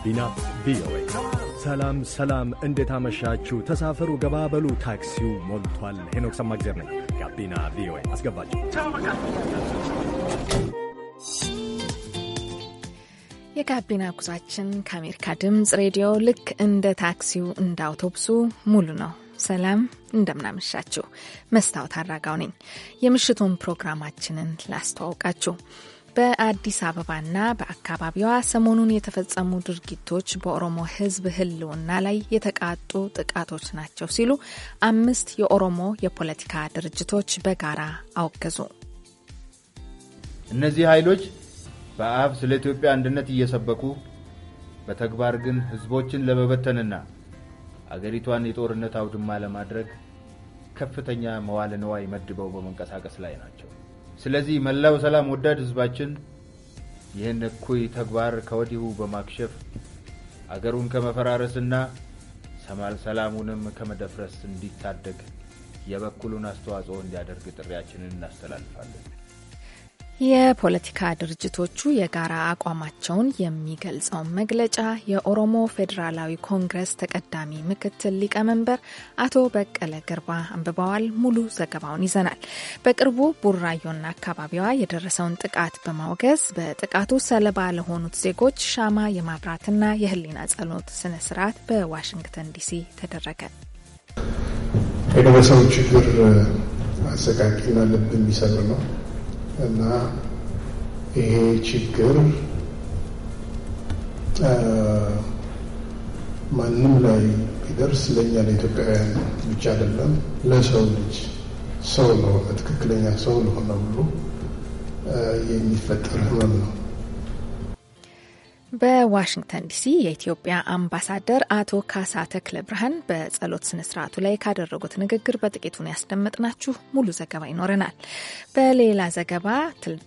ጋቢና ቪኦኤ። ሰላም ሰላም፣ እንዴት አመሻችሁ? ተሳፈሩ፣ ገባበሉ፣ ታክሲው ሞልቷል። ሄኖክ ሰማግዜር ነኝ። ጋቢና ቪኦኤ አስገባችሁ። የጋቢና ጉዟችን ከአሜሪካ ድምፅ ሬዲዮ ልክ እንደ ታክሲው እንደ አውቶቡሱ ሙሉ ነው። ሰላም እንደምናመሻችሁ። መስታወት አራጋው ነኝ። የምሽቱን ፕሮግራማችንን ላስተዋውቃችሁ። በአዲስ አበባና በአካባቢዋ ሰሞኑን የተፈጸሙ ድርጊቶች በኦሮሞ ሕዝብ ሕልውና ላይ የተቃጡ ጥቃቶች ናቸው ሲሉ አምስት የኦሮሞ የፖለቲካ ድርጅቶች በጋራ አወገዙ። እነዚህ ኃይሎች በአፍ ስለ ኢትዮጵያ አንድነት እየሰበኩ በተግባር ግን ሕዝቦችን ለመበተንና አገሪቷን የጦርነት አውድማ ለማድረግ ከፍተኛ መዋለ ንዋይ መድበው በመንቀሳቀስ ላይ ናቸው። ስለዚህ መላው ሰላም ወዳድ ህዝባችን ይህን እኩይ ተግባር ከወዲሁ በማክሸፍ አገሩን ከመፈራረስና ሰማል ሰላሙንም ከመደፍረስ እንዲታደግ የበኩሉን አስተዋጽኦ እንዲያደርግ ጥሪያችንን እናስተላልፋለን። የፖለቲካ ድርጅቶቹ የጋራ አቋማቸውን የሚገልጸውን መግለጫ የኦሮሞ ፌዴራላዊ ኮንግረስ ተቀዳሚ ምክትል ሊቀመንበር አቶ በቀለ ገርባ አንብበዋል። ሙሉ ዘገባውን ይዘናል። በቅርቡ ቡራዮና አካባቢዋ የደረሰውን ጥቃት በማውገዝ በጥቃቱ ሰለባ ለሆኑት ዜጎች ሻማ የማብራትና የህሊና ጸሎት ስነ ስርዓት በዋሽንግተን ዲሲ ተደረገ። የደረሰው ችግር አሰቃቂና ልብ የሚሰብር ነው። እና ይሄ ችግር ማንም ላይ ቢደርስ ለእኛ ለኢትዮጵያውያን ብቻ አይደለም፣ ለሰው ልጅ ሰው ለሆነ ትክክለኛ ሰው ለሆነ ሁሉ የሚፈጠር ህመም ነው። በዋሽንግተን ዲሲ የኢትዮጵያ አምባሳደር አቶ ካሳ ተክለ ብርሃን በጸሎት ስነ ስርዓቱ ላይ ካደረጉት ንግግር በጥቂቱን ያስደመጥናችሁ ሙሉ ዘገባ ይኖረናል። በሌላ ዘገባ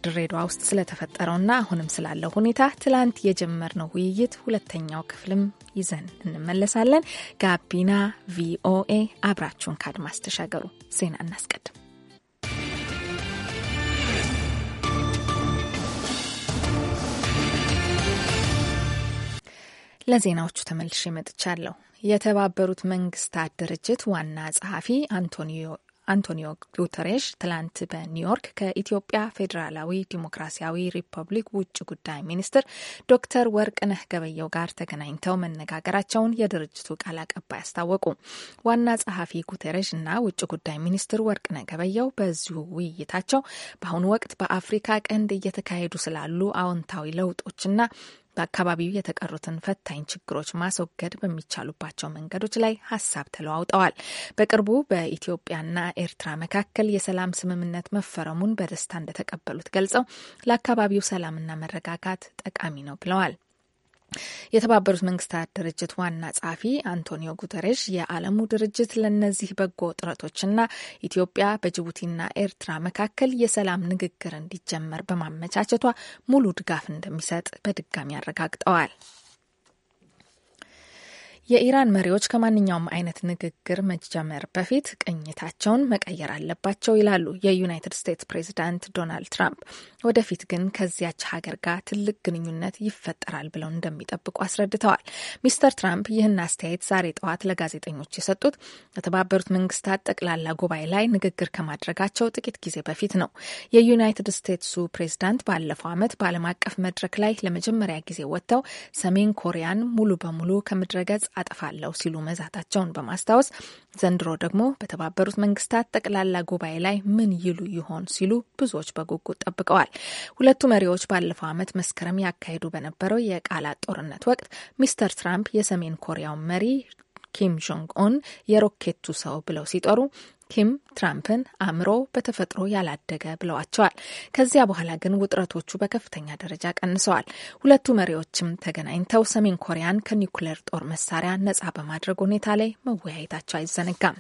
ድሬዳዋ ውስጥ ስለተፈጠረውና አሁንም ስላለው ሁኔታ ትላንት የጀመርነው ውይይት ሁለተኛው ክፍልም ይዘን እንመለሳለን። ጋቢና ቪኦኤ አብራችሁን ከአድማስ ተሻገሩ። ዜና እናስቀድም። ለዜናዎቹ ተመልሼ መጥቻለሁ። የተባበሩት መንግስታት ድርጅት ዋና ጸሐፊ አንቶኒዮ አንቶኒዮ ጉተሬሽ ትላንት በኒውዮርክ ከኢትዮጵያ ፌዴራላዊ ዲሞክራሲያዊ ሪፐብሊክ ውጭ ጉዳይ ሚኒስትር ዶክተር ወርቅነህ ገበየው ጋር ተገናኝተው መነጋገራቸውን የድርጅቱ ቃል አቀባይ አስታወቁ። ዋና ጸሐፊ ጉተሬሽ እና ውጭ ጉዳይ ሚኒስትር ወርቅነህ ገበየው በዚሁ ውይይታቸው በአሁኑ ወቅት በአፍሪካ ቀንድ እየተካሄዱ ስላሉ አዎንታዊ ለውጦችና በአካባቢው የተቀሩትን ፈታኝ ችግሮች ማስወገድ በሚቻሉባቸው መንገዶች ላይ ሀሳብ ተለዋውጠዋል። በቅርቡ በኢትዮጵያና ኤርትራ መካከል የሰላም ስምምነት መፈረሙን በደስታ እንደተቀበሉት ገልጸው ለአካባቢው ሰላምና መረጋጋት ጠቃሚ ነው ብለዋል። የተባበሩት መንግስታት ድርጅት ዋና ጸሐፊ አንቶኒዮ ጉተሬሽ የዓለሙ ድርጅት ለእነዚህ በጎ ጥረቶችና ኢትዮጵያ በጅቡቲና ኤርትራ መካከል የሰላም ንግግር እንዲጀመር በማመቻቸቷ ሙሉ ድጋፍ እንደሚሰጥ በድጋሚ አረጋግጠዋል። የኢራን መሪዎች ከማንኛውም አይነት ንግግር መጀመር በፊት ቅኝታቸውን መቀየር አለባቸው ይላሉ የዩናይትድ ስቴትስ ፕሬዚዳንት ዶናልድ ትራምፕ። ወደፊት ግን ከዚያች ሀገር ጋር ትልቅ ግንኙነት ይፈጠራል ብለው እንደሚጠብቁ አስረድተዋል። ሚስተር ትራምፕ ይህን አስተያየት ዛሬ ጠዋት ለጋዜጠኞች የሰጡት የተባበሩት መንግስታት ጠቅላላ ጉባኤ ላይ ንግግር ከማድረጋቸው ጥቂት ጊዜ በፊት ነው። የዩናይትድ ስቴትሱ ፕሬዚዳንት ባለፈው ዓመት በዓለም አቀፍ መድረክ ላይ ለመጀመሪያ ጊዜ ወጥተው ሰሜን ኮሪያን ሙሉ በሙሉ ከምድረገጽ አጠፋለሁ ሲሉ መዛታቸውን በማስታወስ ዘንድሮ ደግሞ በተባበሩት መንግስታት ጠቅላላ ጉባኤ ላይ ምን ይሉ ይሆን ሲሉ ብዙዎች በጉጉት ጠብቀዋል። ሁለቱ መሪዎች ባለፈው ዓመት መስከረም ያካሄዱ በነበረው የቃላት ጦርነት ወቅት ሚስተር ትራምፕ የሰሜን ኮሪያውን መሪ ኪም ጆንግ ኦን የሮኬቱ ሰው ብለው ሲጠሩ ኪም ትራምፕን አእምሮ በተፈጥሮ ያላደገ ብለዋቸዋል። ከዚያ በኋላ ግን ውጥረቶቹ በከፍተኛ ደረጃ ቀንሰዋል። ሁለቱ መሪዎችም ተገናኝተው ሰሜን ኮሪያን ከኒውክሌር ጦር መሳሪያ ነጻ በማድረግ ሁኔታ ላይ መወያየታቸው አይዘነጋም።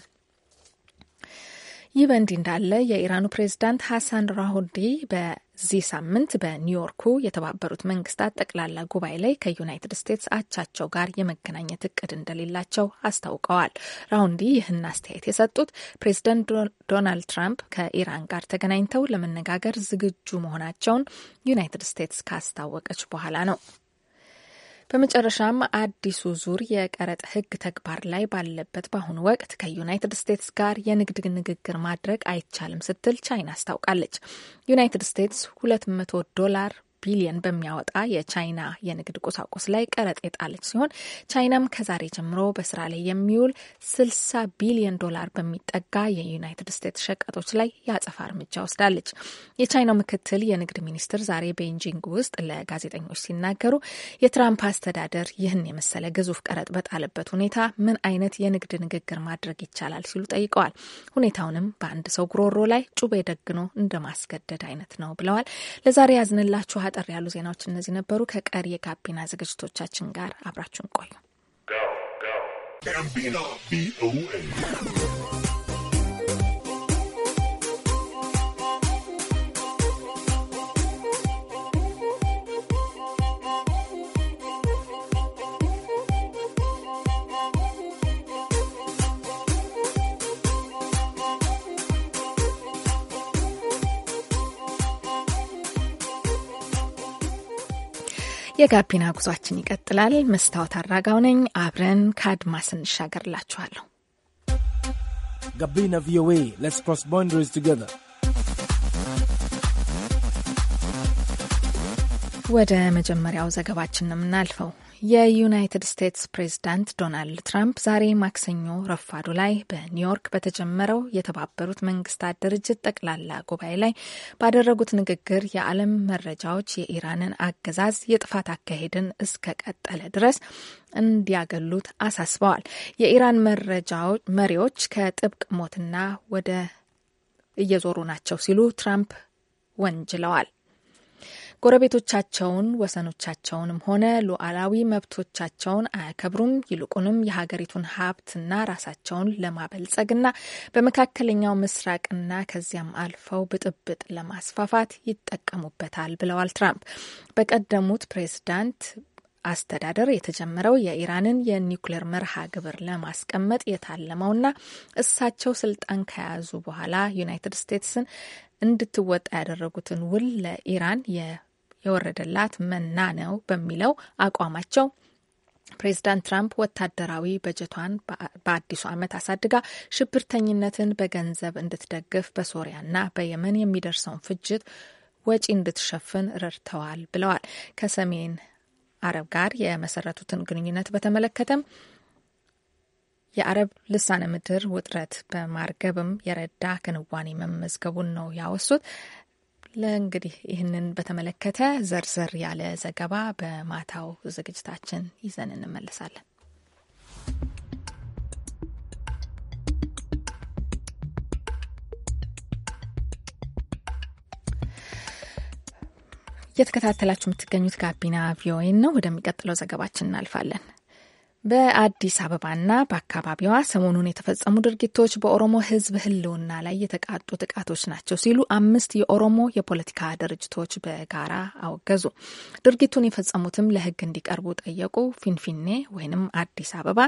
ይህ በእንዲህ እንዳለ የኢራኑ ፕሬዚዳንት ሐሳን ራሁዲ በዚህ ሳምንት በኒውዮርኩ የተባበሩት መንግስታት ጠቅላላ ጉባኤ ላይ ከዩናይትድ ስቴትስ አቻቸው ጋር የመገናኘት እቅድ እንደሌላቸው አስታውቀዋል። ራሁንዲ ይህን አስተያየት የሰጡት ፕሬዚደንት ዶናልድ ትራምፕ ከኢራን ጋር ተገናኝተው ለመነጋገር ዝግጁ መሆናቸውን ዩናይትድ ስቴትስ ካስታወቀች በኋላ ነው። በመጨረሻም አዲሱ ዙር የቀረጥ ሕግ ተግባር ላይ ባለበት በአሁኑ ወቅት ከዩናይትድ ስቴትስ ጋር የንግድ ንግግር ማድረግ አይቻልም ስትል ቻይና አስታውቃለች። ዩናይትድ ስቴትስ 200 ዶላር ቢሊየን በሚያወጣ የቻይና የንግድ ቁሳቁስ ላይ ቀረጥ የጣለች ሲሆን ቻይናም ከዛሬ ጀምሮ በስራ ላይ የሚውል 60 ቢሊየን ዶላር በሚጠጋ የዩናይትድ ስቴትስ ሸቀጦች ላይ የአጸፋ እርምጃ ወስዳለች። የቻይናው ምክትል የንግድ ሚኒስትር ዛሬ ቤጂንግ ውስጥ ለጋዜጠኞች ሲናገሩ የትራምፕ አስተዳደር ይህን የመሰለ ግዙፍ ቀረጥ በጣለበት ሁኔታ ምን አይነት የንግድ ንግግር ማድረግ ይቻላል ሲሉ ጠይቀዋል። ሁኔታውንም በአንድ ሰው ጉሮሮ ላይ ጩቤ ደግኖ እንደማስገደድ አይነት ነው ብለዋል። ለዛሬ ያዝንላችኋል። አጠር ያሉ ዜናዎች እነዚህ ነበሩ። ከቀሪ የጋቢና ዝግጅቶቻችን ጋር አብራችሁን ቆዩ። የጋቢና ጉዟችን ይቀጥላል። መስታወት አራጋው ነኝ። አብረን ከአድማስ እንሻገርላችኋለሁ። ጋቢና ቪኦኤ ሌትስ ክሮስ ቦንደሪስ ቱጌዘር። ወደ መጀመሪያው ዘገባችን ነው የምናልፈው። የዩናይትድ ስቴትስ ፕሬዝዳንት ዶናልድ ትራምፕ ዛሬ ማክሰኞ ረፋዱ ላይ በኒውዮርክ በተጀመረው የተባበሩት መንግስታት ድርጅት ጠቅላላ ጉባኤ ላይ ባደረጉት ንግግር የዓለም መረጃዎች የኢራንን አገዛዝ የጥፋት አካሄድን እስከቀጠለ ድረስ እንዲያገሉት አሳስበዋል። የኢራን መረጃዎች መሪዎች ከጥብቅ ሞትና ወደ እየዞሩ ናቸው ሲሉ ትራምፕ ወንጅለዋል። ጎረቤቶቻቸውን ወሰኖቻቸውንም ሆነ ሉዓላዊ መብቶቻቸውን አያከብሩም። ይልቁንም የሀገሪቱን ሀብትና ራሳቸውን ለማበልጸግና በመካከለኛው ምስራቅና ከዚያም አልፈው ብጥብጥ ለማስፋፋት ይጠቀሙበታል ብለዋል ትራምፕ። በቀደሙት ፕሬዝዳንት አስተዳደር የተጀመረው የኢራንን የኒውክሌር መርሃ ግብር ለማስቀመጥ የታለመውና እሳቸው ስልጣን ከያዙ በኋላ ዩናይትድ ስቴትስን እንድትወጣ ያደረጉትን ውል ለኢራን የወረደላት መና ነው በሚለው አቋማቸው ፕሬዚዳንት ትራምፕ ወታደራዊ በጀቷን በአዲሱ ዓመት አሳድጋ ሽብርተኝነትን በገንዘብ እንድትደግፍ በሶሪያና በየመን የሚደርሰውን ፍጅት ወጪ እንድትሸፍን ረድተዋል ብለዋል። ከሰሜን አረብ ጋር የመሰረቱትን ግንኙነት በተመለከተም የአረብ ልሳነ ምድር ውጥረት በማርገብም የረዳ ክንዋኔ መመዝገቡን ነው ያወሱት። ለእንግዲህ ይህንን በተመለከተ ዘርዘር ያለ ዘገባ በማታው ዝግጅታችን ይዘን እንመለሳለን። እየተከታተላችሁ የምትገኙት ጋቢና ቪኦኤ ነው። ወደሚቀጥለው ዘገባችን እናልፋለን። በአዲስ አበባና በአካባቢዋ ሰሞኑን የተፈጸሙ ድርጊቶች በኦሮሞ ሕዝብ ሕልውና ላይ የተቃጡ ጥቃቶች ናቸው ሲሉ አምስት የኦሮሞ የፖለቲካ ድርጅቶች በጋራ አወገዙ። ድርጊቱን የፈጸሙትም ለሕግ እንዲቀርቡ ጠየቁ። ፊንፊኔ ወይንም አዲስ አበባ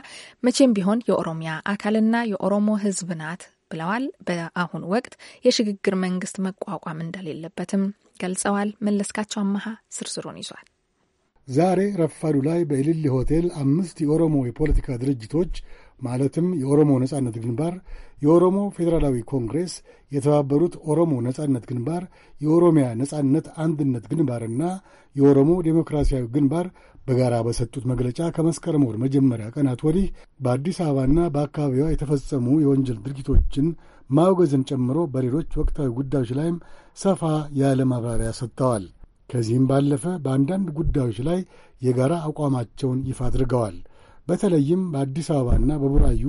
መቼም ቢሆን የኦሮሚያ አካልና የኦሮሞ ሕዝብ ናት ብለዋል። በአሁኑ ወቅት የሽግግር መንግስት መቋቋም እንደሌለበትም ገልጸዋል። መለስካቸው አመሀ ዝርዝሩን ይዟል። ዛሬ ረፋዱ ላይ በኢልሊ ሆቴል አምስት የኦሮሞ የፖለቲካ ድርጅቶች ማለትም የኦሮሞ ነጻነት ግንባር፣ የኦሮሞ ፌዴራላዊ ኮንግሬስ፣ የተባበሩት ኦሮሞ ነጻነት ግንባር፣ የኦሮሚያ ነጻነት አንድነት ግንባርና የኦሮሞ ዴሞክራሲያዊ ግንባር በጋራ በሰጡት መግለጫ ከመስከረም ወር መጀመሪያ ቀናት ወዲህ በአዲስ አበባና በአካባቢዋ የተፈጸሙ የወንጀል ድርጊቶችን ማውገዝን ጨምሮ በሌሎች ወቅታዊ ጉዳዮች ላይም ሰፋ ያለ ማብራሪያ ሰጥተዋል። ከዚህም ባለፈ በአንዳንድ ጉዳዮች ላይ የጋራ አቋማቸውን ይፋ አድርገዋል። በተለይም በአዲስ አበባና በቡራዩ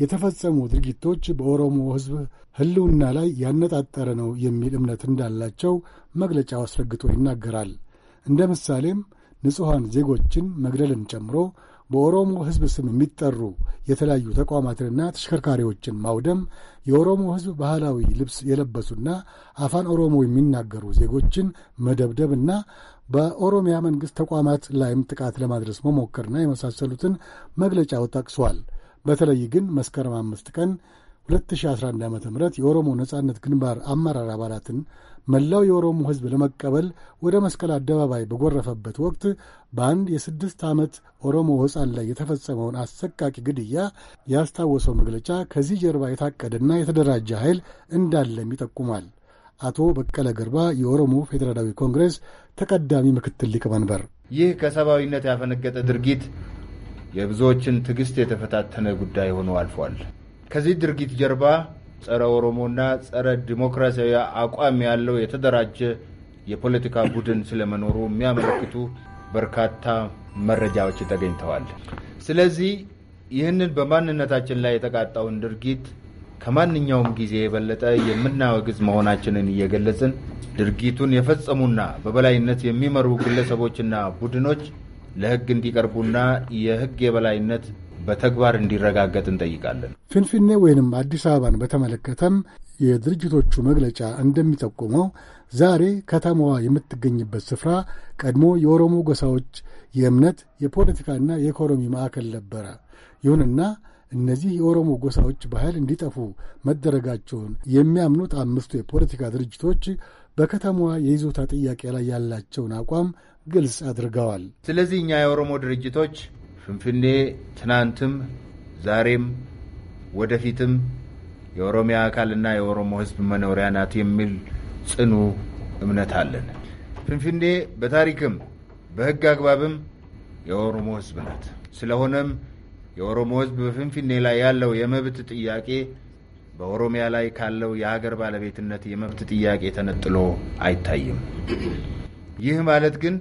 የተፈጸሙ ድርጊቶች በኦሮሞ ሕዝብ ሕልውና ላይ ያነጣጠረ ነው የሚል እምነት እንዳላቸው መግለጫው አስረግቶ ይናገራል። እንደ ምሳሌም ንጹሐን ዜጎችን መግደልን ጨምሮ በኦሮሞ ሕዝብ ስም የሚጠሩ የተለያዩ ተቋማትንና ተሽከርካሪዎችን ማውደም፣ የኦሮሞ ሕዝብ ባህላዊ ልብስ የለበሱና አፋን ኦሮሞ የሚናገሩ ዜጎችን መደብደብና በኦሮሚያ መንግሥት ተቋማት ላይም ጥቃት ለማድረስ መሞከርና የመሳሰሉትን መግለጫው ጠቅሷል። በተለይ ግን መስከረም አምስት ቀን 2011 ዓ ም የኦሮሞ ነጻነት ግንባር አመራር አባላትን መላው የኦሮሞ ሕዝብ ለመቀበል ወደ መስቀል አደባባይ በጎረፈበት ወቅት በአንድ የስድስት ዓመት ኦሮሞ ሕፃን ላይ የተፈጸመውን አሰቃቂ ግድያ ያስታወሰው መግለጫ ከዚህ ጀርባ የታቀደና የተደራጀ ኃይል እንዳለም ይጠቁማል። አቶ በቀለ ገርባ የኦሮሞ ፌዴራላዊ ኮንግሬስ ተቀዳሚ ምክትል ሊቀመንበር፣ ይህ ከሰብአዊነት ያፈነገጠ ድርጊት የብዙዎችን ትዕግስት የተፈታተነ ጉዳይ ሆኖ አልፏል። ከዚህ ድርጊት ጀርባ ጸረ ኦሮሞና ጸረ ዲሞክራሲያዊ አቋም ያለው የተደራጀ የፖለቲካ ቡድን ስለመኖሩ የሚያመለክቱ በርካታ መረጃዎች ተገኝተዋል። ስለዚህ ይህንን በማንነታችን ላይ የተቃጣውን ድርጊት ከማንኛውም ጊዜ የበለጠ የምናወግዝ መሆናችንን እየገለጽን ድርጊቱን የፈጸሙና በበላይነት የሚመሩ ግለሰቦችና ቡድኖች ለሕግ እንዲቀርቡና የሕግ የበላይነት በተግባር እንዲረጋገጥ እንጠይቃለን። ፍንፍኔ ወይንም አዲስ አበባን በተመለከተም የድርጅቶቹ መግለጫ እንደሚጠቁመው ዛሬ ከተማዋ የምትገኝበት ስፍራ ቀድሞ የኦሮሞ ጎሳዎች የእምነት፣ የፖለቲካና የኢኮኖሚ ማዕከል ነበረ። ይሁንና እነዚህ የኦሮሞ ጎሳዎች ባህል እንዲጠፉ መደረጋቸውን የሚያምኑት አምስቱ የፖለቲካ ድርጅቶች በከተማዋ የይዞታ ጥያቄ ላይ ያላቸውን አቋም ግልጽ አድርገዋል። ስለዚህ እኛ የኦሮሞ ድርጅቶች ፍንፍኔ ትናንትም ዛሬም ወደፊትም የኦሮሚያ አካልና የኦሮሞ ሕዝብ መኖሪያ ናት የሚል ጽኑ እምነት አለን። ፍንፍኔ በታሪክም በሕግ አግባብም የኦሮሞ ሕዝብ ናት። ስለሆነም የኦሮሞ ሕዝብ በፍንፍኔ ላይ ያለው የመብት ጥያቄ በኦሮሚያ ላይ ካለው የሀገር ባለቤትነት የመብት ጥያቄ ተነጥሎ አይታይም። ይህ ማለት ግን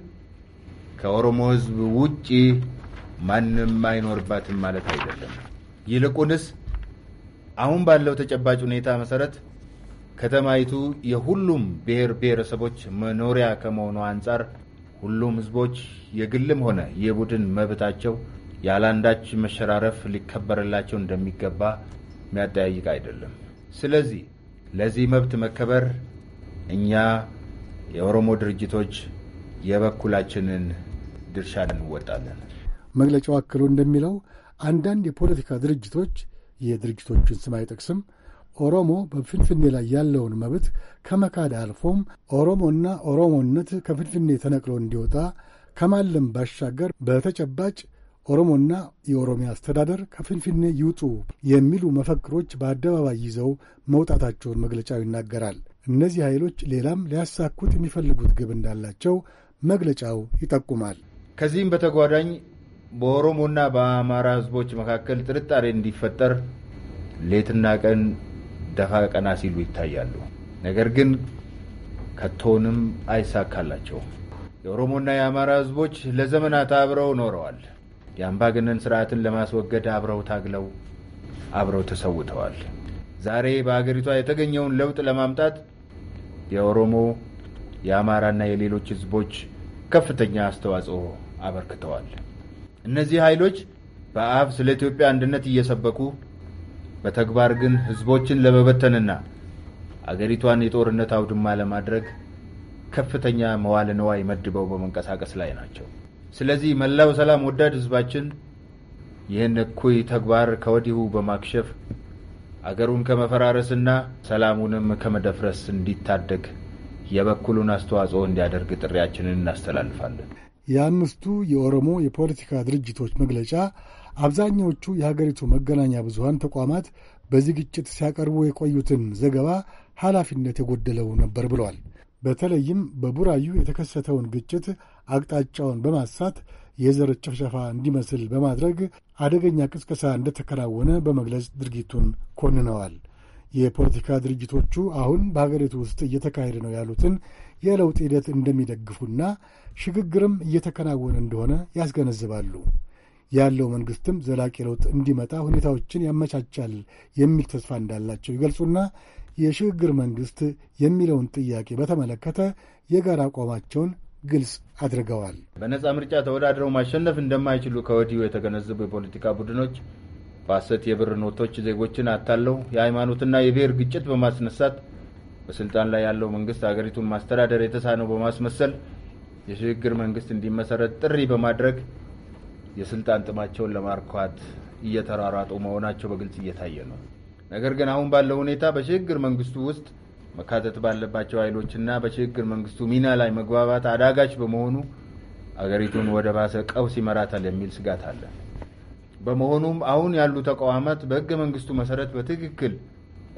ከኦሮሞ ሕዝብ ውጪ ማንም አይኖርባትም ማለት አይደለም። ይልቁንስ አሁን ባለው ተጨባጭ ሁኔታ መሰረት ከተማይቱ የሁሉም ብሔር ብሔረሰቦች መኖሪያ ከመሆኑ አንጻር ሁሉም ሕዝቦች የግልም ሆነ የቡድን መብታቸው ያለአንዳች መሸራረፍ ሊከበርላቸው እንደሚገባ የሚያጠያይቅ አይደለም። ስለዚህ ለዚህ መብት መከበር እኛ የኦሮሞ ድርጅቶች የበኩላችንን ድርሻ እንወጣለን። መግለጫው አክሎ እንደሚለው አንዳንድ የፖለቲካ ድርጅቶች የድርጅቶቹን ስም አይጠቅስም ኦሮሞ በፍንፍኔ ላይ ያለውን መብት ከመካድ አልፎም ኦሮሞና ኦሮሞነት ከፍንፍኔ ተነቅሎ እንዲወጣ ከማለም ባሻገር በተጨባጭ ኦሮሞና የኦሮሚያ አስተዳደር ከፍንፍኔ ይውጡ የሚሉ መፈክሮች በአደባባይ ይዘው መውጣታቸውን መግለጫው ይናገራል። እነዚህ ኃይሎች ሌላም ሊያሳኩት የሚፈልጉት ግብ እንዳላቸው መግለጫው ይጠቁማል። ከዚህም በተጓዳኝ በኦሮሞና በአማራ ህዝቦች መካከል ጥርጣሬ እንዲፈጠር ሌትና ቀን ደፋ ቀና ሲሉ ይታያሉ። ነገር ግን ከቶንም አይሳካላቸውም። የኦሮሞና የአማራ ህዝቦች ለዘመናት አብረው ኖረዋል። የአምባገነን ስርዓትን ለማስወገድ አብረው ታግለው አብረው ተሰውተዋል። ዛሬ በሀገሪቷ የተገኘውን ለውጥ ለማምጣት የኦሮሞ የአማራና የሌሎች ህዝቦች ከፍተኛ አስተዋጽኦ አበርክተዋል። እነዚህ ኃይሎች በአፍ ስለ ኢትዮጵያ አንድነት እየሰበኩ በተግባር ግን ህዝቦችን ለመበተንና አገሪቷን የጦርነት አውድማ ለማድረግ ከፍተኛ መዋለ ንዋይ መድበው በመንቀሳቀስ ላይ ናቸው። ስለዚህ መላው ሰላም ወዳድ ህዝባችን ይህን እኩይ ተግባር ከወዲሁ በማክሸፍ አገሩን ከመፈራረስና ሰላሙንም ከመደፍረስ እንዲታደግ የበኩሉን አስተዋጽኦ እንዲያደርግ ጥሪያችንን እናስተላልፋለን። የአምስቱ የኦሮሞ የፖለቲካ ድርጅቶች መግለጫ አብዛኛዎቹ የሀገሪቱ መገናኛ ብዙሀን ተቋማት በዚህ ግጭት ሲያቀርቡ የቆዩትን ዘገባ ኃላፊነት የጎደለው ነበር ብሏል። በተለይም በቡራዩ የተከሰተውን ግጭት አቅጣጫውን በማሳት የዘር ጭፍጨፋ እንዲመስል በማድረግ አደገኛ ቅስቀሳ እንደተከናወነ በመግለጽ ድርጊቱን ኮንነዋል። የፖለቲካ ድርጅቶቹ አሁን በሀገሪቱ ውስጥ እየተካሄደ ነው ያሉትን የለውጥ ሂደት እንደሚደግፉና ሽግግርም እየተከናወነ እንደሆነ ያስገነዝባሉ። ያለው መንግሥትም ዘላቂ ለውጥ እንዲመጣ ሁኔታዎችን ያመቻቻል የሚል ተስፋ እንዳላቸው ይገልጹና የሽግግር መንግሥት የሚለውን ጥያቄ በተመለከተ የጋራ አቋማቸውን ግልጽ አድርገዋል። በነጻ ምርጫ ተወዳድረው ማሸነፍ እንደማይችሉ ከወዲሁ የተገነዘቡ የፖለቲካ ቡድኖች በሐሰት የብር ኖቶች ዜጎችን አታለው የሃይማኖትና የብሔር ግጭት በማስነሳት በስልጣን ላይ ያለው መንግስት ሀገሪቱን ማስተዳደር የተሳነው በማስመሰል የሽግግር መንግስት እንዲመሰረት ጥሪ በማድረግ የስልጣን ጥማቸውን ለማርኳት እየተሯሯጡ መሆናቸው በግልጽ እየታየ ነው። ነገር ግን አሁን ባለው ሁኔታ በሽግግር መንግስቱ ውስጥ መካተት ባለባቸው ኃይሎችና በሽግግር መንግስቱ ሚና ላይ መግባባት አዳጋች በመሆኑ አገሪቱን ወደ ባሰ ቀውስ ይመራታል የሚል ስጋት አለ። በመሆኑም አሁን ያሉ ተቋማት በህገ መንግስቱ መሰረት በትክክል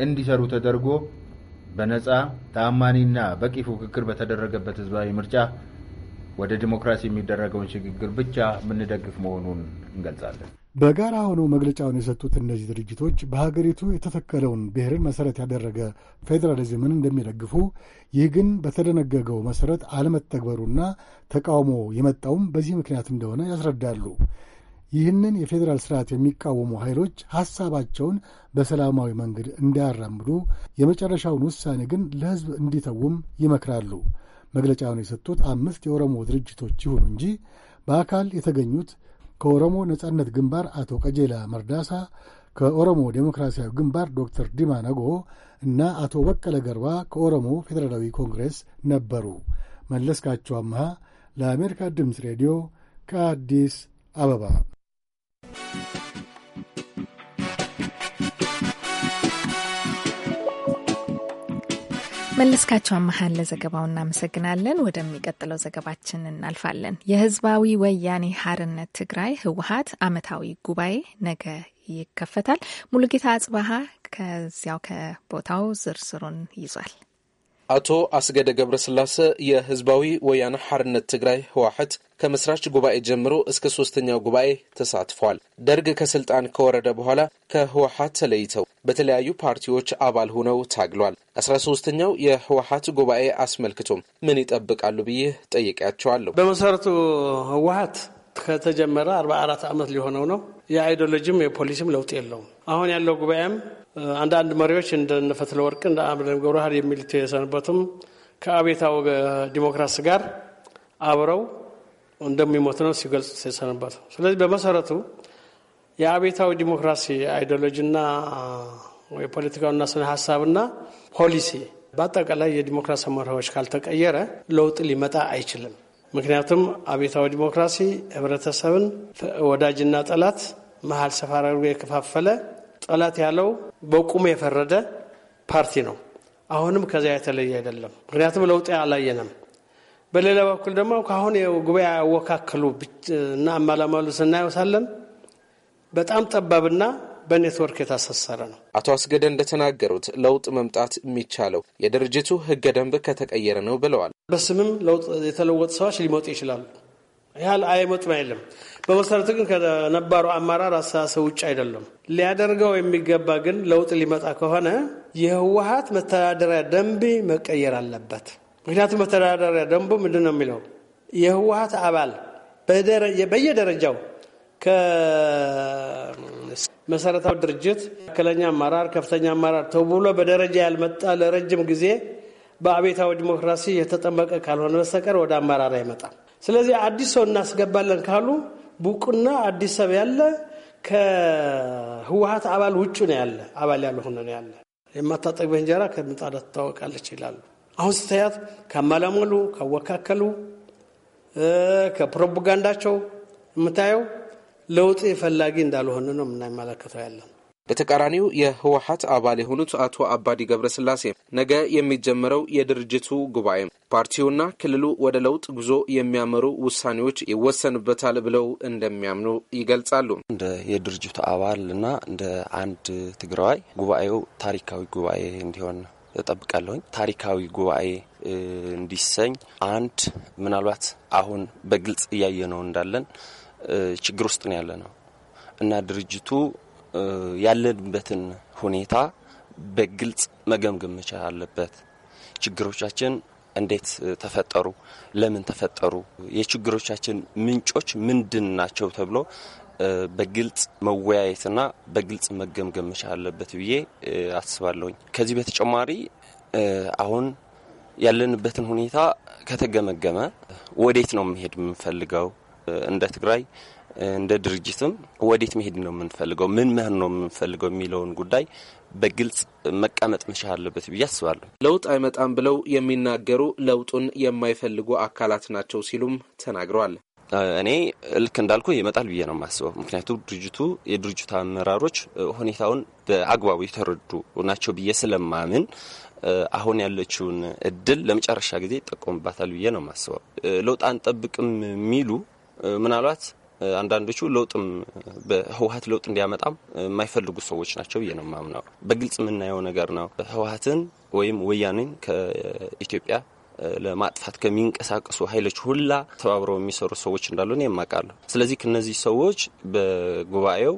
እንዲሰሩ ተደርጎ በነጻ ተአማኒና በቂ ፉክክር በተደረገበት ህዝባዊ ምርጫ ወደ ዲሞክራሲ የሚደረገውን ሽግግር ብቻ የምንደግፍ መሆኑን እንገልጻለን። በጋራ ሆነው መግለጫውን የሰጡት እነዚህ ድርጅቶች በሀገሪቱ የተተከለውን ብሔርን መሰረት ያደረገ ፌዴራሊዝምን እንደሚደግፉ፣ ይህ ግን በተደነገገው መሰረት አለመተግበሩና ተቃውሞ የመጣውም በዚህ ምክንያት እንደሆነ ያስረዳሉ። ይህንን የፌዴራል ስርዓት የሚቃወሙ ኃይሎች ሐሳባቸውን በሰላማዊ መንገድ እንዳያራምዱ፣ የመጨረሻውን ውሳኔ ግን ለሕዝብ እንዲተውም ይመክራሉ። መግለጫውን የሰጡት አምስት የኦሮሞ ድርጅቶች ይሁኑ እንጂ በአካል የተገኙት ከኦሮሞ ነጻነት ግንባር አቶ ቀጀላ መርዳሳ፣ ከኦሮሞ ዴሞክራሲያዊ ግንባር ዶክተር ዲማ ነጎ እና አቶ በቀለ ገርባ ከኦሮሞ ፌዴራላዊ ኮንግሬስ ነበሩ። መለስካቸው አምሃ ለአሜሪካ ድምፅ ሬዲዮ ከአዲስ አበባ መለስካቸው አመሀን ለዘገባው እናመሰግናለን። ወደሚቀጥለው ዘገባችን እናልፋለን። የህዝባዊ ወያኔ ሀርነት ትግራይ ህወሀት አመታዊ ጉባኤ ነገ ይከፈታል። ሙሉጌታ አጽባሀ ከዚያው ከቦታው ዝርዝሩን ይዟል። አቶ አስገደ ገብረስላሴ የህዝባዊ ወያነ ሐርነት ትግራይ ህወሓት ከመስራች ጉባኤ ጀምሮ እስከ ሶስተኛው ጉባኤ ተሳትፏል። ደርግ ከስልጣን ከወረደ በኋላ ከህወሓት ተለይተው በተለያዩ ፓርቲዎች አባል ሆነው ታግሏል። አስራ ሶስተኛው የህወሓት ጉባኤ አስመልክቶም ምን ይጠብቃሉ ብዬ ጠይቄያቸዋለሁ። በመሰረቱ ህወሓት ከተጀመረ አርባ አራት ዓመት ሊሆነው ነው። የአይዲዮሎጂም የፖሊሲም ለውጥ የለውም። አሁን ያለው ጉባኤም አንዳንድ መሪዎች እንደነ ወርቅ እንደ አምደም ገብረዋህድ የሚሉት የሰነበቱም ከአብዮታዊ ዲሞክራሲ ጋር አብረው እንደሚሞት ነው ሲገልጹ የሰነበቱ። ስለዚህ በመሰረቱ የአቤታዊ ዲሞክራሲ አይዲዮሎጂና የፖለቲካውና ስነ ሀሳብና ፖሊሲ በአጠቃላይ የዲሞክራሲ መርሆዎች ካልተቀየረ ለውጥ ሊመጣ አይችልም። ምክንያቱም አብዮታዊ ዲሞክራሲ ህብረተሰብን ወዳጅና ጠላት መሀል ሰፋር አድርጎ የከፋፈለ ጠላት ያለው በቁሙ የፈረደ ፓርቲ ነው። አሁንም ከዚያ የተለየ አይደለም። ምክንያቱም ለውጥ አላየንም። በሌላ በኩል ደግሞ ከአሁን ጉባኤ ያወካከሉ እና አማላማሉ ስናየው ሳለን በጣም ጠባብና በኔትወርክ የታሰሰረ ነው። አቶ አስገደ እንደተናገሩት ለውጥ መምጣት የሚቻለው የድርጅቱ ህገ ደንብ ከተቀየረ ነው ብለዋል። በስምም ለውጥ የተለወጡ ሰዎች ሊመጡ ይችላሉ። ያህል አይመጡም አይደለም። በመሰረቱ ግን ከነባሩ አመራር አስተሳሰብ ውጭ አይደለም። ሊያደርገው የሚገባ ግን ለውጥ ሊመጣ ከሆነ የህወሀት መተዳደሪያ ደንብ መቀየር አለበት። ምክንያቱም መተዳደሪያ ደንቡ ምንድን ነው የሚለው የህወሀት አባል በየደረጃው ይመልስ። መሰረታዊ ድርጅት መካከለኛ አመራር፣ ከፍተኛ አመራር ተብሎ በደረጃ ያልመጣ ለረጅም ጊዜ በአቤታዊ ዲሞክራሲ የተጠመቀ ካልሆነ በስተቀር ወደ አመራር አይመጣም። ስለዚህ አዲስ ሰው እናስገባለን ካሉ ቡቁና አዲስ ሰብ ያለ ከህወሀት አባል ውጭ ነው ያለ አባል ያልሆነ ነው ያለ የማታጠግበህ እንጀራ ከምጣዷ ትታወቃለች ይላሉ። አሁን ስታያት ካማላሞሉ ከወካከሉ ከፕሮፓጋንዳቸው የምታየው ለውጥ ፈላጊ እንዳልሆነ ነው የምናመለከተው ያለን። በተቃራኒው የህወሀት አባል የሆኑት አቶ አባዲ ገብረስላሴ ነገ የሚጀምረው የድርጅቱ ጉባኤ ፓርቲውና ክልሉ ወደ ለውጥ ጉዞ የሚያመሩ ውሳኔዎች ይወሰንበታል ብለው እንደሚያምኑ ይገልጻሉ። እንደ የድርጅቱ አባል እና እንደ አንድ ትግራዋይ ጉባኤው ታሪካዊ ጉባኤ እንዲሆን እጠብቃለሁኝ። ታሪካዊ ጉባኤ እንዲሰኝ አንድ ምናልባት አሁን በግልጽ እያየ ነው እንዳለን ችግር ውስጥ ነው ያለ ነው እና ድርጅቱ ያለንበትን ሁኔታ በግልጽ መገምገም መቻል አለበት። ችግሮቻችን እንዴት ተፈጠሩ? ለምን ተፈጠሩ? የችግሮቻችን ምንጮች ምንድን ናቸው? ተብሎ በግልጽ መወያየትና በግልጽ መገምገም መቻል አለበት ብዬ አስባለሁኝ። ከዚህ በተጨማሪ አሁን ያለንበትን ሁኔታ ከተገመገመ ወዴት ነው መሄድ የምንፈልገው እንደ ትግራይ እንደ ድርጅትም ወዴት መሄድ ነው የምንፈልገው፣ ምን መህን ነው የምንፈልገው የሚለውን ጉዳይ በግልጽ መቀመጥ መቻል አለበት ብዬ አስባለሁ። ለውጥ አይመጣም ብለው የሚናገሩ ለውጡን የማይፈልጉ አካላት ናቸው ሲሉም ተናግረዋል። እኔ ልክ እንዳልኩ ይመጣል ብዬ ነው የማስበው። ምክንያቱም ድርጅቱ የድርጅቱ አመራሮች ሁኔታውን በአግባቡ የተረዱ ናቸው ብዬ ስለማምን አሁን ያለችውን እድል ለመጨረሻ ጊዜ ይጠቀሙባታል ብዬ ነው የማስበው። ለውጥ አንጠብቅም የሚሉ ምናልባት አንዳንዶቹ ለውጥም በህወሀት ለውጥ እንዲያመጣም የማይፈልጉ ሰዎች ናቸው ብዬ ነው ማምነው። በግልጽ የምናየው ነገር ነው። ህወሀትን ወይም ወያኔን ከኢትዮጵያ ለማጥፋት ከሚንቀሳቀሱ ኃይሎች ሁላ ተባብረው የሚሰሩ ሰዎች እንዳሉ እኔ የማውቃለሁ። ስለዚህ ከነዚህ ሰዎች በጉባኤው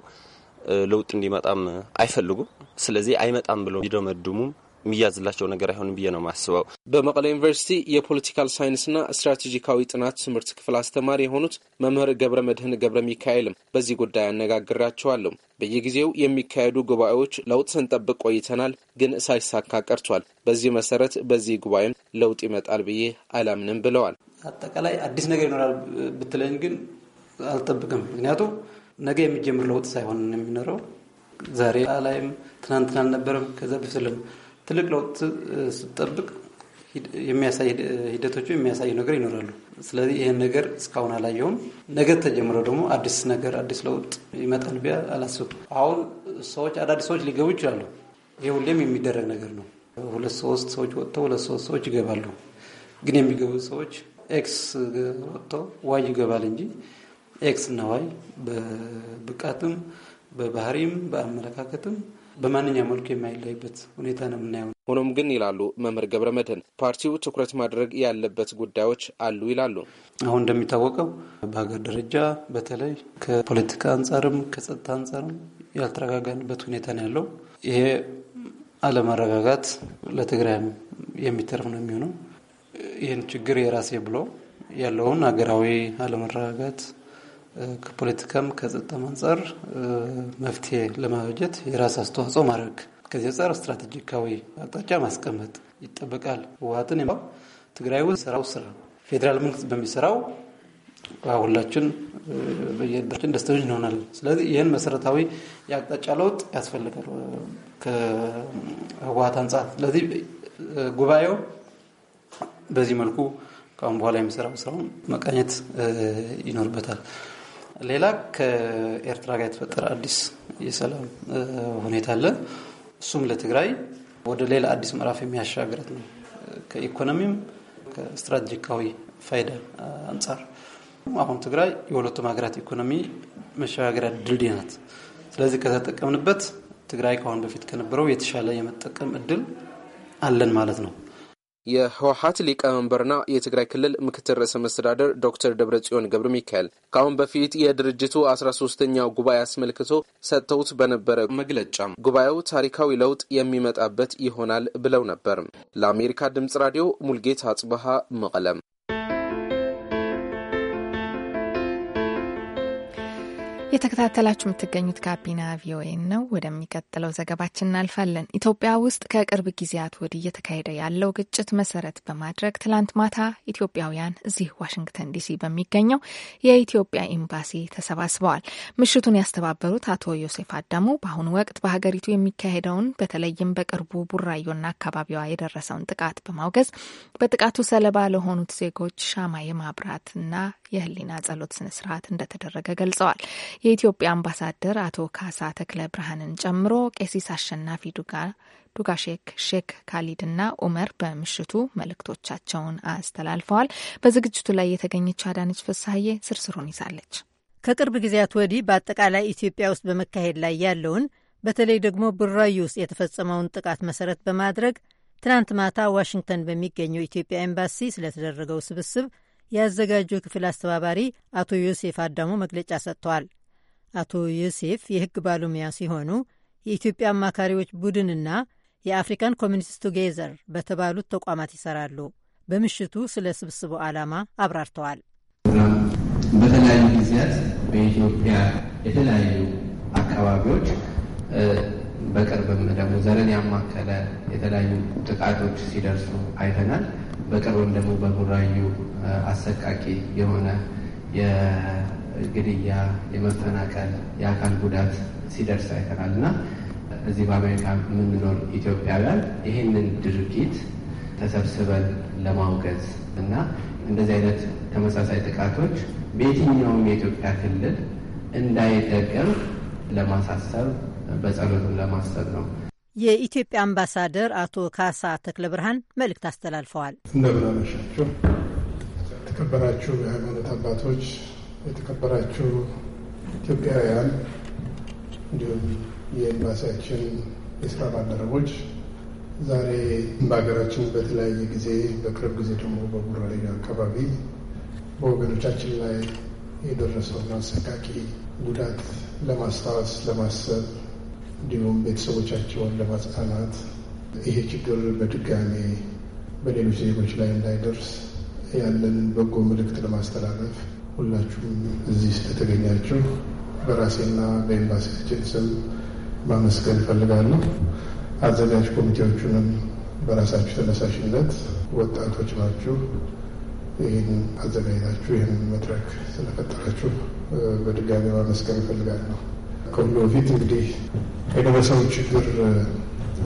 ለውጥ እንዲመጣም አይፈልጉም። ስለዚህ አይመጣም ብለው ቢደመድሙም የሚያዝላቸው ነገር አይሆንም ብዬ ነው ማስበው። በመቀለ ዩኒቨርሲቲ የፖለቲካል ሳይንስና ስትራቴጂካዊ ጥናት ትምህርት ክፍል አስተማሪ የሆኑት መምህር ገብረ መድህን ገብረ ሚካኤልም በዚህ ጉዳይ አነጋግራቸዋለሁ። በየጊዜው የሚካሄዱ ጉባኤዎች ለውጥ ስንጠብቅ ቆይተናል፣ ግን ሳይሳካ ቀርቷል። በዚህ መሰረት በዚህ ጉባኤም ለውጥ ይመጣል ብዬ አላምንም ብለዋል። አጠቃላይ አዲስ ነገር ይኖራል ብትለኝ ግን አልጠብቅም። ምክንያቱም ነገ የሚጀምር ለውጥ ሳይሆን የሚኖረው ዛሬ ላይም ትናንትና አልነበረም ከዛ ብስልም ትልቅ ለውጥ ስጠብቅ የሚያሳይ ሂደቶቹ የሚያሳይ ነገር ይኖራሉ። ስለዚህ ይህን ነገር እስካሁን አላየውም። ነገ ተጀምሮ ደግሞ አዲስ ነገር አዲስ ለውጥ ይመጣል ቢያ አላስብ። አሁን ሰዎች አዳዲስ ሰዎች ሊገቡ ይችላሉ። ይህ ሁሌም የሚደረግ ነገር ነው። ሁለት ሶስት ሰዎች ወጥተው ሁለት ሶስት ሰዎች ይገባሉ። ግን የሚገቡ ሰዎች ኤክስ ወጥተው ዋይ ይገባል እንጂ ኤክስ እና ዋይ በብቃትም በባህሪም በአመለካከትም በማንኛውም መልኩ የማይለይበት ሁኔታ ነው የምናየው። ሆኖም ግን ይላሉ መምህር ገብረ መድህን ፓርቲው ትኩረት ማድረግ ያለበት ጉዳዮች አሉ ይላሉ። አሁን እንደሚታወቀው በሀገር ደረጃ በተለይ ከፖለቲካ አንጻርም ከጸጥታ አንጻርም ያልተረጋጋንበት ሁኔታ ነው ያለው። ይሄ አለመረጋጋት ለትግራይም የሚተርፍ ነው የሚሆነው። ይህን ችግር የራሴ ብሎ ያለውን ሀገራዊ አለመረጋጋት ከፖለቲካም ከጸጥታም አንጻር መፍትሄ ለማበጀት የራስ አስተዋጽኦ ማድረግ ከዚህ አንጻር ስትራቴጂካዊ አቅጣጫ ማስቀመጥ ይጠበቃል። ህወሀትን ው ትግራይ ውስጥ ስራው ስራ ፌዴራል መንግስት በሚሰራው ሁላችን በየዳችን ደስተኞች እንሆናለን። ስለዚህ ይህን መሰረታዊ የአቅጣጫ ለውጥ ያስፈልጋል ከህወሀት አንጻር። ስለዚህ ጉባኤው በዚህ መልኩ ከአሁን በኋላ የሚሰራው ስራውን መቃኘት ይኖርበታል። ሌላ ከኤርትራ ጋር የተፈጠረ አዲስ የሰላም ሁኔታ አለ። እሱም ለትግራይ ወደ ሌላ አዲስ ምዕራፍ የሚያሻግረት ነው። ከኢኮኖሚም ከስትራቴጂካዊ ፋይዳ አንጻር አሁን ትግራይ የሁለቱም ሀገራት ኢኮኖሚ መሸጋገሪያ ድልድይ ናት። ስለዚህ ከተጠቀምንበት ትግራይ ከአሁን በፊት ከነበረው የተሻለ የመጠቀም እድል አለን ማለት ነው። የህወሀት ሊቀመንበርና የትግራይ ክልል ምክትል ርዕሰ መስተዳደር ዶክተር ደብረጽዮን ገብረ ሚካኤል ከአሁን በፊት የድርጅቱ አስራ ሶስተኛው ጉባኤ አስመልክቶ ሰጥተውት በነበረ መግለጫ ጉባኤው ታሪካዊ ለውጥ የሚመጣበት ይሆናል ብለው ነበር። ለአሜሪካ ድምጽ ራዲዮ ሙልጌታ አጽበሃ መቀለም የተከታተላችሁ የምትገኙት ጋቢና ቪኦኤ ነው። ወደሚቀጥለው ዘገባችን እናልፋለን። ኢትዮጵያ ውስጥ ከቅርብ ጊዜያት ወዲህ እየተካሄደ ያለው ግጭት መሰረት በማድረግ ትላንት ማታ ኢትዮጵያውያን እዚህ ዋሽንግተን ዲሲ በሚገኘው የኢትዮጵያ ኤምባሲ ተሰባስበዋል። ምሽቱን ያስተባበሩት አቶ ዮሴፍ አዳሙ በአሁኑ ወቅት በሀገሪቱ የሚካሄደውን በተለይም በቅርቡ ቡራዮና አካባቢዋ የደረሰውን ጥቃት በማውገዝ በጥቃቱ ሰለባ ለሆኑት ዜጎች ሻማ የማብራትና የህሊና ጸሎት ስነስርዓት እንደተደረገ ገልጸዋል። የኢትዮጵያ አምባሳደር አቶ ካሳ ተክለ ብርሃንን ጨምሮ ቄሲስ አሸናፊ ዱጋ ዱጋ ሼክ ሼክ ና ኡመር በምሽቱ መልእክቶቻቸውን አስተላልፈዋል። በዝግጅቱ ላይ የተገኘችው አዳነች ፍሳሐዬ ስርስሩን ይዛለች። ከቅርብ ጊዜያት ወዲህ በአጠቃላይ ኢትዮጵያ ውስጥ በመካሄድ ላይ ያለውን በተለይ ደግሞ ቡራዩ ውስጥ የተፈጸመውን ጥቃት መሰረት በማድረግ ትናንት ማታ ዋሽንግተን በሚገኘው ኢትዮጵያ ኤምባሲ ስለተደረገው ስብስብ ያዘጋጁ ክፍል አስተባባሪ አቶ ዮሴፍ አዳሙ መግለጫ ሰጥተዋል። አቶ ዮሴፍ የህግ ባለሙያ ሲሆኑ የኢትዮጵያ አማካሪዎች ቡድንና የአፍሪካን ኮሚኒቲስ ቱጌዘር በተባሉት ተቋማት ይሰራሉ። በምሽቱ ስለ ስብስቡ ዓላማ አብራርተዋል። በተለያዩ ጊዜያት በኢትዮጵያ የተለያዩ አካባቢዎች በቅርብም ደግሞ ዘርን ያማከለ የተለያዩ ጥቃቶች ሲደርሱ አይተናል። በቅርብም ደግሞ በቡራዩ አሰቃቂ የሆነ ግድያ፣ የመፈናቀል፣ የአካል ጉዳት ሲደርስ አይተናል እና እዚህ በአሜሪካ የምንኖር ኢትዮጵያውያን ይህንን ድርጊት ተሰብስበን ለማውገዝ እና እንደዚህ አይነት ተመሳሳይ ጥቃቶች በየትኛውም የኢትዮጵያ ክልል እንዳይደገም ለማሳሰብ በጸሎትም ለማሰብ ነው። የኢትዮጵያ አምባሳደር አቶ ካሳ ተክለ ብርሃን መልእክት አስተላልፈዋል። እንደምን አመሻችሁ። የተከበራችሁ የሃይማኖት አባቶች የተከበራችሁ ኢትዮጵያውያን እንዲሁም የኤምባሲያችን የስራ ባልደረቦች ዛሬ በሀገራችን በተለያየ ጊዜ በቅርብ ጊዜ ደግሞ በጉራሌ አካባቢ በወገኖቻችን ላይ የደረሰውን አሰቃቂ ጉዳት ለማስታወስ፣ ለማሰብ እንዲሁም ቤተሰቦቻቸውን ለማጽናናት ይሄ ችግር በድጋሜ በሌሎች ዜጎች ላይ እንዳይደርስ ያለን በጎ ምልክት ለማስተላለፍ ሁላችሁም እዚህ ስለተገኛችሁ በራሴና በኤምባሲያችን ስም ማመስገን እፈልጋለሁ። አዘጋጅ ኮሚቴዎቹንም በራሳችሁ ተነሳሽነት ወጣቶች ናችሁ ይህን አዘጋጅታችሁ ይህንን መድረክ ስለፈጠራችሁ በድጋሚ ማመስገን እፈልጋለሁ። ከሁሉ በፊት እንግዲህ የደረሰው ችግር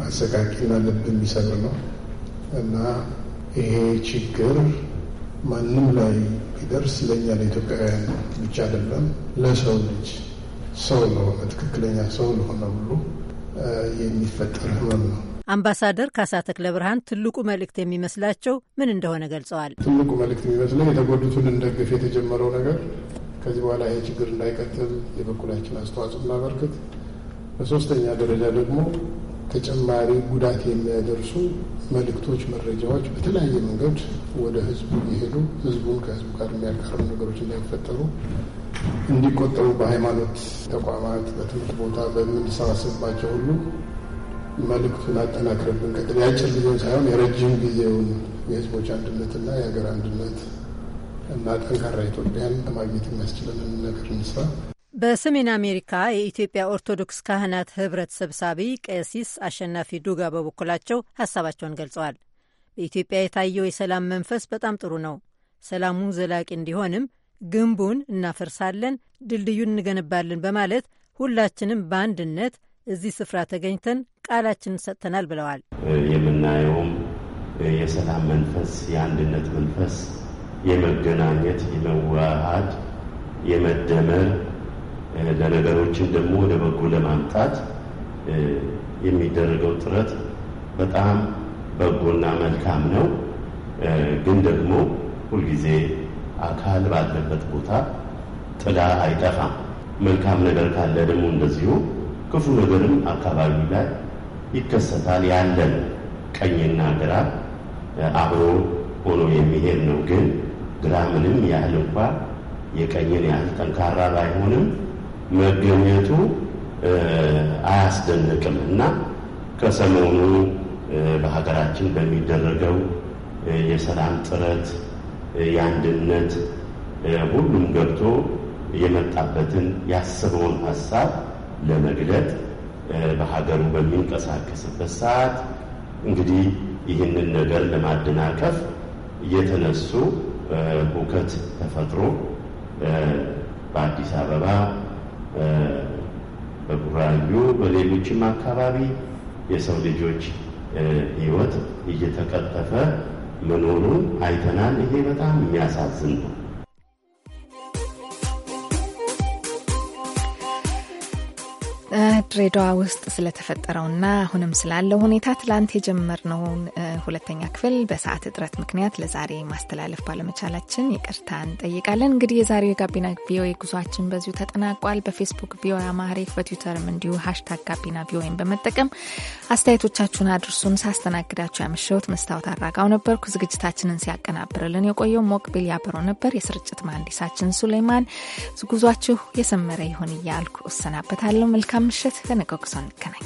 አሰቃቂና ልብ የሚሰብር ነው እና ይሄ ችግር ማንም ላይ የሚደርስ ለእኛ ለኢትዮጵያውያን ብቻ አይደለም፣ ለሰው ልጅ ሰው ለሆነ ትክክለኛ ሰው ለሆነ ሁሉ የሚፈጠር ህመም ነው። አምባሳደር ካሳ ተክለ ብርሃን ትልቁ መልእክት የሚመስላቸው ምን እንደሆነ ገልጸዋል። ትልቁ መልእክት የሚመስለው የተጎዱትን እንደግፍ፣ የተጀመረው ነገር ከዚህ በኋላ ይህ ችግር እንዳይቀጥል የበኩላችን አስተዋጽኦ እናበርክት። በሶስተኛ ደረጃ ደግሞ ተጨማሪ ጉዳት የሚያደርሱ መልእክቶች፣ መረጃዎች በተለያየ መንገድ ወደ ህዝቡ እየሄዱ ህዝቡን ከህዝቡ ጋር የሚያቀርቡ ነገሮች እንዳይፈጠሩ እንዲቆጠሩ በሃይማኖት ተቋማት፣ በትምህርት ቦታ በምንሰባሰብባቸው ሁሉ መልእክቱን አጠናክረን ብንቀጥል የአጭር ጊዜውን ሳይሆን የረጅም ጊዜውን የህዝቦች አንድነትና የሀገር አንድነት እና ጠንካራ ኢትዮጵያን ለማግኘት የሚያስችለንን ነገር እንስራ። በሰሜን አሜሪካ የኢትዮጵያ ኦርቶዶክስ ካህናት ህብረት ሰብሳቢ ቀሲስ አሸናፊ ዱጋ በበኩላቸው ሀሳባቸውን ገልጸዋል። በኢትዮጵያ የታየው የሰላም መንፈስ በጣም ጥሩ ነው። ሰላሙ ዘላቂ እንዲሆንም ግንቡን እናፈርሳለን፣ ድልድዩን እንገነባለን በማለት ሁላችንም በአንድነት እዚህ ስፍራ ተገኝተን ቃላችንን ሰጥተናል ብለዋል። የምናየውም የሰላም መንፈስ፣ የአንድነት መንፈስ፣ የመገናኘት፣ የመዋሃድ፣ የመደመር ለነገሮችን ደግሞ ወደ በጎ ለማምጣት የሚደረገው ጥረት በጣም በጎና መልካም ነው። ግን ደግሞ ሁልጊዜ አካል ባለበት ቦታ ጥላ አይጠፋም። መልካም ነገር ካለ ደግሞ እንደዚሁ ክፉ ነገርም አካባቢ ላይ ይከሰታል። ያለን ቀኝና ግራ አብሮ ሆኖ የሚሄድ ነው። ግን ግራ ምንም ያህል እንኳ የቀኝን ያህል ጠንካራ ባይሆንም መገኘቱ አያስደንቅም እና ከሰሞኑ በሀገራችን በሚደረገው የሰላም ጥረት የአንድነት ሁሉም ገብቶ የመጣበትን ያስበውን ሀሳብ ለመግለጥ በሀገሩ በሚንቀሳቀስበት ሰዓት እንግዲህ ይህንን ነገር ለማደናቀፍ የተነሱ ሁከት ተፈጥሮ በአዲስ አበባ በጉራዩ በሌሎችም አካባቢ የሰው ልጆች ህይወት እየተቀጠፈ መኖሩን አይተናል። ይሄ በጣም የሚያሳዝን ነው። ድሬዳዋ ውስጥ ስለተፈጠረውና አሁንም ስላለው ሁኔታ ትላንት የጀመርነውን ሁለተኛ ክፍል በሰዓት እጥረት ምክንያት ለዛሬ ማስተላለፍ ባለመቻላችን ይቅርታ እንጠይቃለን። እንግዲህ የዛሬው የጋቢና ቪኦኤ ጉዟችን በዚሁ ተጠናቋል። በፌስቡክ ቪኦኤ አማሪክ፣ በትዊተርም እንዲሁ ሀሽታግ ጋቢና ቪኦኤን በመጠቀም አስተያየቶቻችሁን አድርሱን። ሳስተናግዳችሁ ያመሸሁት መስታወት አራጋው ነበርኩ። ዝግጅታችንን ሲያቀናብርልን የቆየው ሞቅቢል ያበረው ነበር። የስርጭት መሀንዲሳችን ሱሌማን። ጉዟችሁ የሰመረ ይሁን እያልኩ እሰናበታለሁ። መልካም ከምሽት ለንቆቅሶ እንገናኝ።